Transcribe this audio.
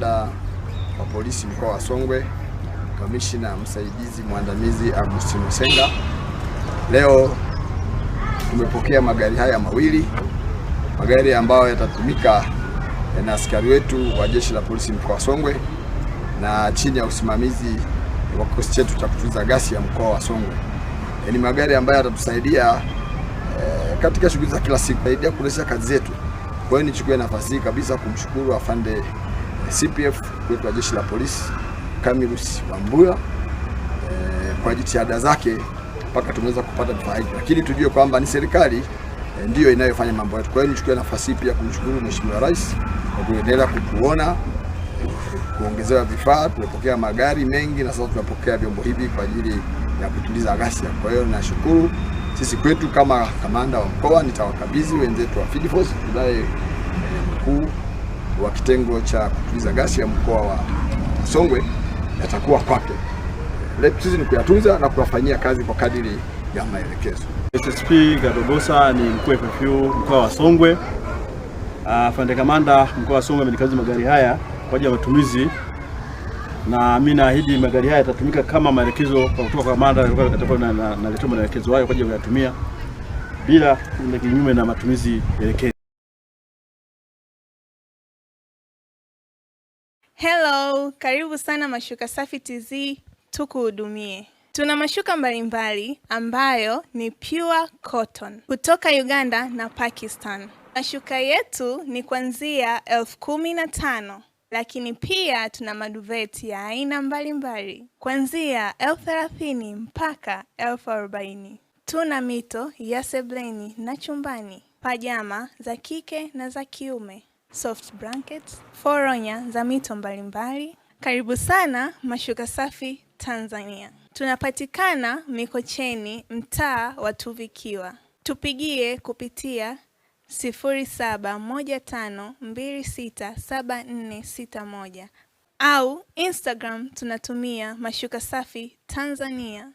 kamanda wa polisi mkoa wa Songwe, kamishna msaidizi mwandamizi Agustino Senga. Leo tumepokea magari haya mawili, magari ambayo yatatumika na askari wetu wa jeshi la polisi mkoa wa Songwe na chini ya usimamizi wa kikosi chetu cha kutuliza ya mkoa wa Songwe. Ni magari ambayo yatatusaidia e, katika shughuli za kila siku, saidia kuendesha kazi zetu. Kwa hiyo nichukue nafasi hii kabisa kumshukuru afande CPF wetu wa jeshi la polisi Camillus Wambura e, eh, kwa jitihada zake mpaka tumeweza kupata faida, lakini tujue kwamba ni serikali e, ndiyo inayofanya mambo yetu. Kwa hiyo nichukue nafasi hii pia kumshukuru Mheshimiwa Rais kwa kuendelea kutuona eh, kuongezewa vifaa. Tumepokea magari mengi na sasa tunapokea vyombo hivi kwa ajili ya kutuliza ghasia. Kwa hiyo nashukuru. Sisi kwetu kama kamanda wa mkoa nitawakabidhi wenzetu wa Field Force tunaye mkuu wa kitengo cha kutuliza gasi ya mkoa wa Songwe yatakuwa kwake. Letu ni kuyatunza na kuyafanyia kazi kwa kadiri ya maelekezo. SSP Gadogosa ni mkuu FFU mkoa wa Songwe. Afande ah, Kamanda mkoa wa Songwe amenikabidhi magari haya kwa ajili ya matumizi, na mimi naahidi magari haya yatatumika kama maelekezo kutoka kwa kamanda, atakuwa na naletea maelekezo hayo kwa ajili ya kuyatumia bila kinyume na matumizi elekezi. Hello, karibu sana Mashuka Safi TZ, tukuhudumie. Tuna mashuka mbalimbali ambayo ni pure cotton kutoka Uganda na Pakistan. Mashuka yetu ni kuanzia elfu kumi na tano lakini pia tuna maduveti ya aina mbalimbali kuanzia elfu thelathini mpaka elfu arobaini. Tuna mito ya sebleni na chumbani, pajama za kike na za kiume soft blankets, foronya za mito mbalimbali. Karibu sana Mashuka Safi Tanzania. Tunapatikana Mikocheni, mtaa wa Tuvikiwa. Tupigie kupitia 0715267461 au Instagram tunatumia Mashuka Safi Tanzania.